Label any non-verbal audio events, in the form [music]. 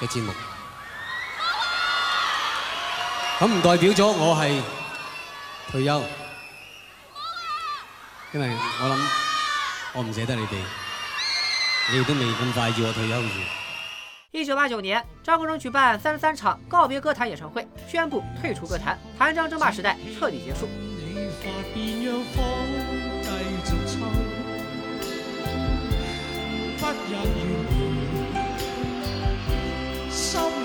嘅節目，咁唔代表咗我係退休，因為我諗我唔捨得你哋，你哋都未咁快要我退休住。一九八九年，張國榮舉辦三十三場告別歌壇演唱會，宣布退出歌壇，譚張爭霸時代徹底結束。 [laughs]